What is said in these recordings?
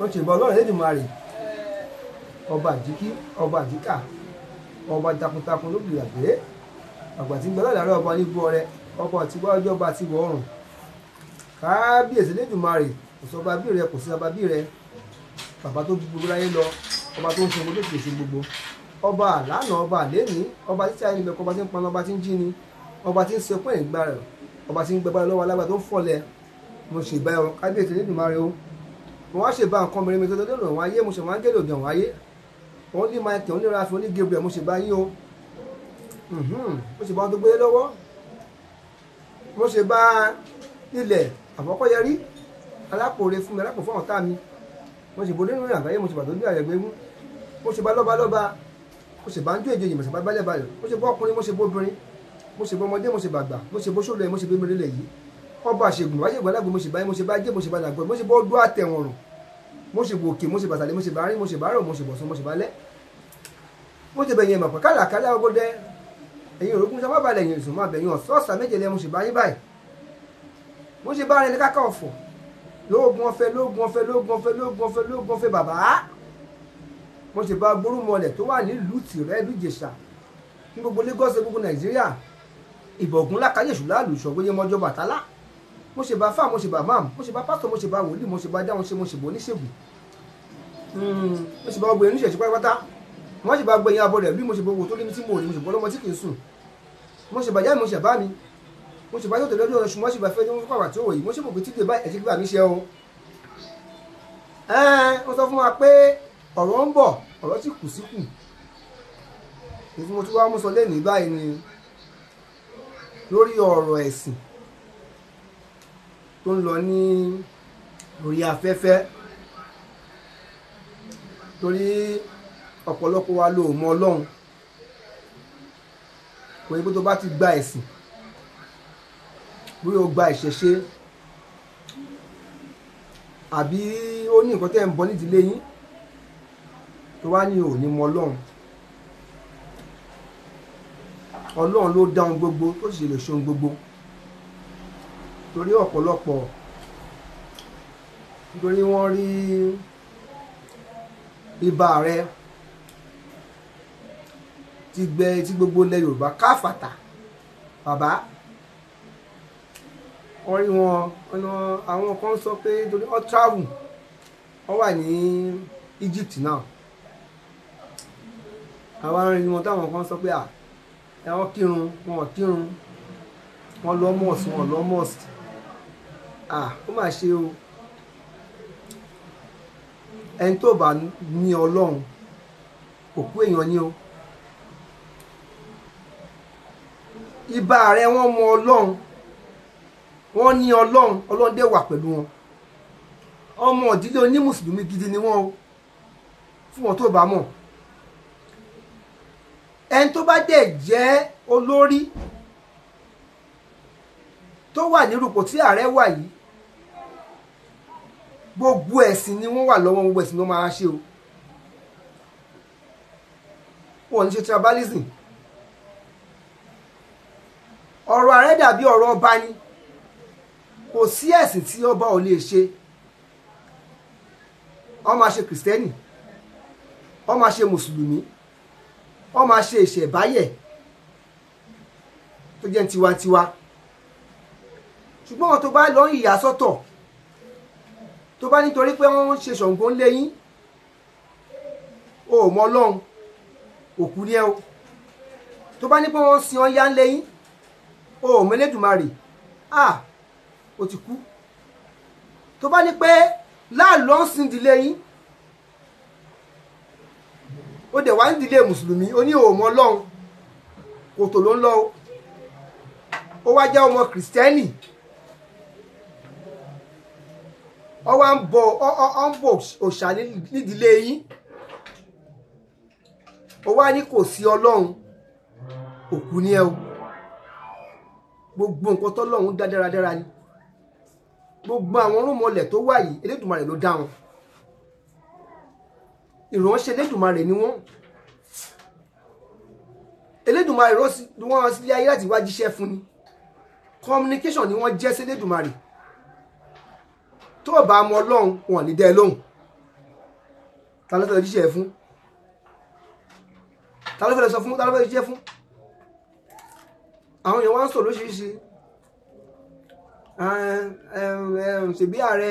ó ti bọ́ ọlọ́run Elédùmarè ọba àjíkí ọba àjíkà ọba takuntakun ló bìrì àgbẹ̀ àgbà tí ń gbọ́ ládàárọ̀ ọba nígbó ọrẹ ọba àtiwá ọjọ́ ọba àtiwọ̀ ọrùn kábíyèsí Elédùmarè kò sọ ọba bí rẹ kò sí ọba bí rẹ bàbá tó gbogbo láyé lọ ọba tó ń ṣe gbogbo lóṣù gbogbo ọba àlànà ọba àlẹ́ni ọba títí ayé níbẹ̀ kọ́ ọba tí ń pọn ọba tí ń jí ni ọba tí ń sekún ìgbà rẹ̀ ọba tí ń gbẹgbẹ́ lọ́wọ́ alágbà tó ń fọlẹ̀ mo ṣègbà kábíyèsí Elédùmarè o mo wá ṣe bá nǹkan mẹ́rin mi tó dọ́dọ́ àwọn ayé mo ṣe wá ń òde àwọn ayé òun ní Michael òun ní Rafi òun ní Gabriel mo ṣe bá yín o mo ṣe bá wọn tó gbélé lọ́wọ́ mo ṣe bá ilẹ̀ àfọ́kọ́yẹrí alápòore fún mi alápò fún ọ̀tá mi mo ṣe bó nínú àgbáyé mo ṣe bàtọ́ bí àyẹ̀gbẹ́ mú mo ṣe bá lọ́balọ́ba mo ṣe bá ń jó èjì èjì mo balẹ̀ balẹ̀ mo ṣe bá ọkùnrin mo ṣe bó obìnrin mo ṣe bá ọmọdé mo ṣe bàgbà mo ṣe bó ṣòro ẹ̀ mo ṣe bó mèrè yìí ọba àṣègùn wáyé ìgbà alágbó mo ṣe báyé mo ṣe bá jẹ́ mo ṣe bá dàgbọ́ mo ṣe bọ́ ọdún àtẹ̀wọ̀n rùn mo ṣe bòkè mo ṣe bàtàlẹ́ mo ṣe bàárẹ̀ mo ṣe bàárọ̀ mo ṣe bọ̀sán mo ṣe bálẹ́ mo ṣe bẹ̀yìn ìmọ̀pọ̀ kálàkálà ọgọ́dẹ ẹ̀yin òrógún sábà balẹ̀ ẹ̀yin ìsùn máa bẹ̀yìn ọ̀sọ́ọ̀sà méje lẹ́ mo ṣe báyé báyìí mo ṣe bá ara ẹni káká ọ̀fọ̀ lóògùn ọ̀fẹ́ lóògùn ọ̀fẹ́ lóògùn ọ̀fẹ́ lóògùn ọ̀fẹ́ lóògùn ọ̀fẹ́ bàbá mo ṣe bá gbórúmọlẹ̀ mo ṣe bá fáà mo ṣe bá máàmù mo ṣe bá pásítọ̀ mo ṣe bá wòlíì mo ṣe bá dáhùn ṣe mo ṣe bò oníṣègùn mo ṣe bá gbogbo ẹni ṣẹ̀ṣẹ̀ pátápátá mo ṣe bá gbogbo ẹyin abọ́ rẹ̀ bí mo ṣe bá owó tó lé mi tí mo rí mo ṣe bọ́ lọ́mọ tí kì í sùn mo ṣe bá yá mo ṣe bá mi mo ṣe bá yóò tẹ̀lé ọdún ọ̀ṣun mo ṣe bá fẹ́ ní wọ́n pàwà tí ó wòye mo ṣe mọ̀ pé títí bá ẹ̀jẹ̀ gbà mí ṣe o. wọ́n sọ fún wa pé ọ̀rọ̀ ń bọ̀ ọ̀rọ̀ sì kù síkù ìfún mo tún wá mú sọ lẹ́nu ìbáyìí ni lórí ọ̀rọ̀ ẹ̀sìn tó ń lọ ní orí afẹ́fẹ́ torí ọ̀pọ̀lọpọ̀ wa ló mọ ọlọ́run kò yẹ pé tó bá ti gba ẹ̀sìn bóyá o gba ìṣẹ̀ṣe àbí ó ní nǹkan tẹ́ ń bọ nídìílé yín tó wá ní òní mọ ọlọ́run ọlọ́run ló dá ohun gbogbo tó sì lè ṣe gbogbo torí ọ̀pọ̀lọpọ̀ nítorí wọ́n rí ibà rẹ ti gbẹ etí gbogbo ilẹ̀ Yorùbá káfàtà bàbá wọ́n rí wọn ọ̀nà àwọn kan sọ pé torí wọ́n travel wọ́n wà ní Egypt náà àwọn arìnrìn wọn táwọn kan sọ pé à ẹ̀wọ̀n kírun wọn kírun wọn lọ mọ́ọ̀sì wọn lọ mọ́ọ̀sì à ó mà ṣe o ẹni tó bá ní ọlọ́run òkú èèyàn ni o ìbá rẹ wọ́n mọ ọlọ́run wọ́n ní ọlọ́run ọlọ́run dẹ̀ wà pẹ̀lú wọn ọmọ ìdílé onímùsùlùmí gidi ni wọ́n o fún wọn tó bá mọ̀ ẹni tó bá dẹ̀ jẹ́ olórí tó wà nírúpò tí ààrẹ wà yìí gbogbo ẹ̀sìn ni wọ́n wà lọ́wọ́ gbogbo ẹ̀sìn ló máa ṣe o wọn ò ní ṣe tribalism ọ̀rọ̀ ààrẹ dàbí ọ̀rọ̀ ọba ni kò sí ẹ̀sìn tí ọba ò lè ṣe wọ́n máa ṣe kìrìsìtẹ́nì wọ́n máa ṣe mùsùlùmí wọ́n máa ṣe ìṣẹ̀báyẹ̀ tó jẹ́ tiwantiwa ṣùgbọ́n wọn tó bá lọ ń yà sọ́tọ̀. So tó bá nítorí pé wọ́n ṣe Ṣàngó ń lé yín o ò mọ ọlọ́run òkú ni ẹ o tó bá ní pé wọ́n sin ọya ń lé yín o ò mọ Elédùmarè a o ti kú tó bá ní pé láàlọ́ ń sin ìdílé yín ó dẹ̀ wá ń ìdílé mùsùlùmí ó ní o ọlọ́run kòtò ló ń lọ o wá jẹ́ ọmọ kìrìsìtẹ́nì ọ wá ń bọ ọ ń bọ òòṣà nídìílé yín ó wá ní kò sí ọlọ́run òkú ni ẹ o gbogbo nǹkan tọ́lọ́run dá dáradára ni gbogbo àwọn rúmọlẹ̀ tó wà yìí Elédùmarè ló dá wọn ìránṣẹ́ Elédùmarè ni wọ́n Elédùmarè rọ́ sí wọ́n sílé ayé láti wá jíṣẹ́ fún ni communication ni wọ́n jẹ́ sí Elédùmarè tó bá mọ ọlọ́run wọn ní dẹ́ lóhùn ta ló fẹ́ lọ jíṣẹ́ fún ta ló fẹ́ lọ sọ fún ta ló fẹ́ lọ jíṣẹ́ fún àwọn èèyàn wá ń sọ lóṣìṣì ṣèbí ààrẹ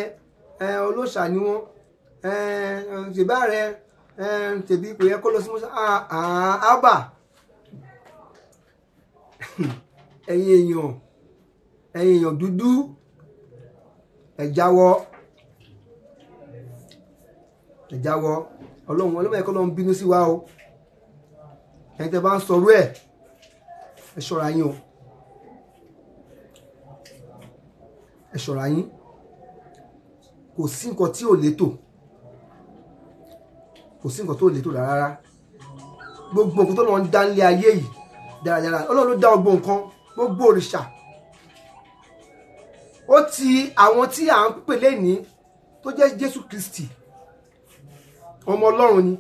olóṣà ni wọn ṣèbí ààrẹ ṣèbí kò yẹ kó lọ sí mọ́ṣá àbà ẹ̀yin èèyàn ẹ̀yin èèyàn dúdú ẹ jáwọ́ ẹ jáwọ́ ọlọ́run ọlọ́run ẹ̀kọ́ ló ń bínú sí wa o ẹ̀yin tẹ́ bá ń sọ̀rọ̀ ẹ̀ ẹ ṣọ́ra yín o ẹ ṣọ́ra yín kò sí nǹkan tí ò létò kò sí nǹkan tó létò rárá gbogbo nǹkan tó lọ ń dá nílé ayé yìí dáradára ọlọ́run ló dá gbogbo nǹkan gbogbo òrìṣà ó ti àwọn tí à ń pèlè ní tó jẹ́ Jésù Kristi ọmọ Ọlọ́run ni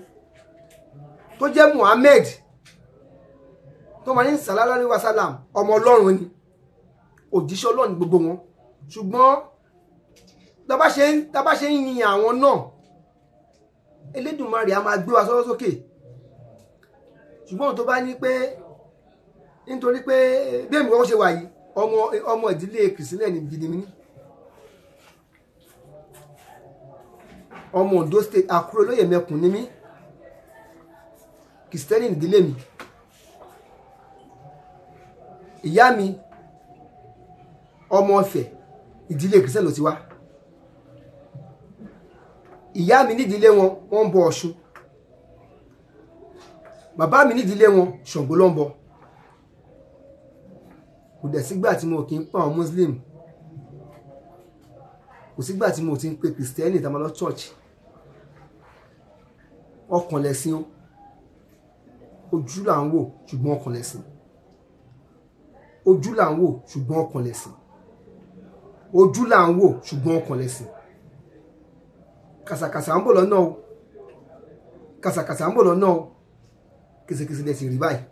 tó jẹ́ Muhammed tó máa ní sàlálàrí wasalam ọmọ Ọlọ́run ni òjíṣẹ́ Ọlọ́run gbogbo wọn ṣùgbọ́n tá bá ṣe ń yin àwọn náà Elédùmarè a máa gbé wa sọ́wọ́ sókè ṣùgbọ́n tó bá ní pé nítorí pé bí èmi kọ́kọ́ ṣe wà yìí ọmọ ọmọ ìdílé kìrìsìlẹ̀ ní gidi mi ní ọmọ Ondo state Àkúrẹ́ olóyè mẹkùn ní mí kìrìsìtẹ́nì ìdílé mi ìyá mi ọmọ Ifẹ̀ ìdílé kìrìsìtẹ́nì ló ti wá ìyá mi nídìílé wọn wọ́n ń bọ Ọ̀ṣun bàbá mi nídìílé wọn Ṣàngó ló ń bọ kò dẹ̀ sígbà tí mo kì í pa muslim kò sígbà tí mo ti ń pe kìrìsìtẹ́nì tá a máa lọ church ọkàn lẹ́sìn o ojú là ń wò ṣùgbọ́n ọkàn lẹ́sìn ojú là ń wò ṣùgbọ́n ọkàn lẹ́sìn ojú là ń wò ṣùgbọ́n ọkàn lẹ́sìn kàsàkàsà ń bọ̀ lọ́nà o kàsàkàsà ń bọ̀ lọ́nà o kìsìkìsì lẹ́sìn rí báyìí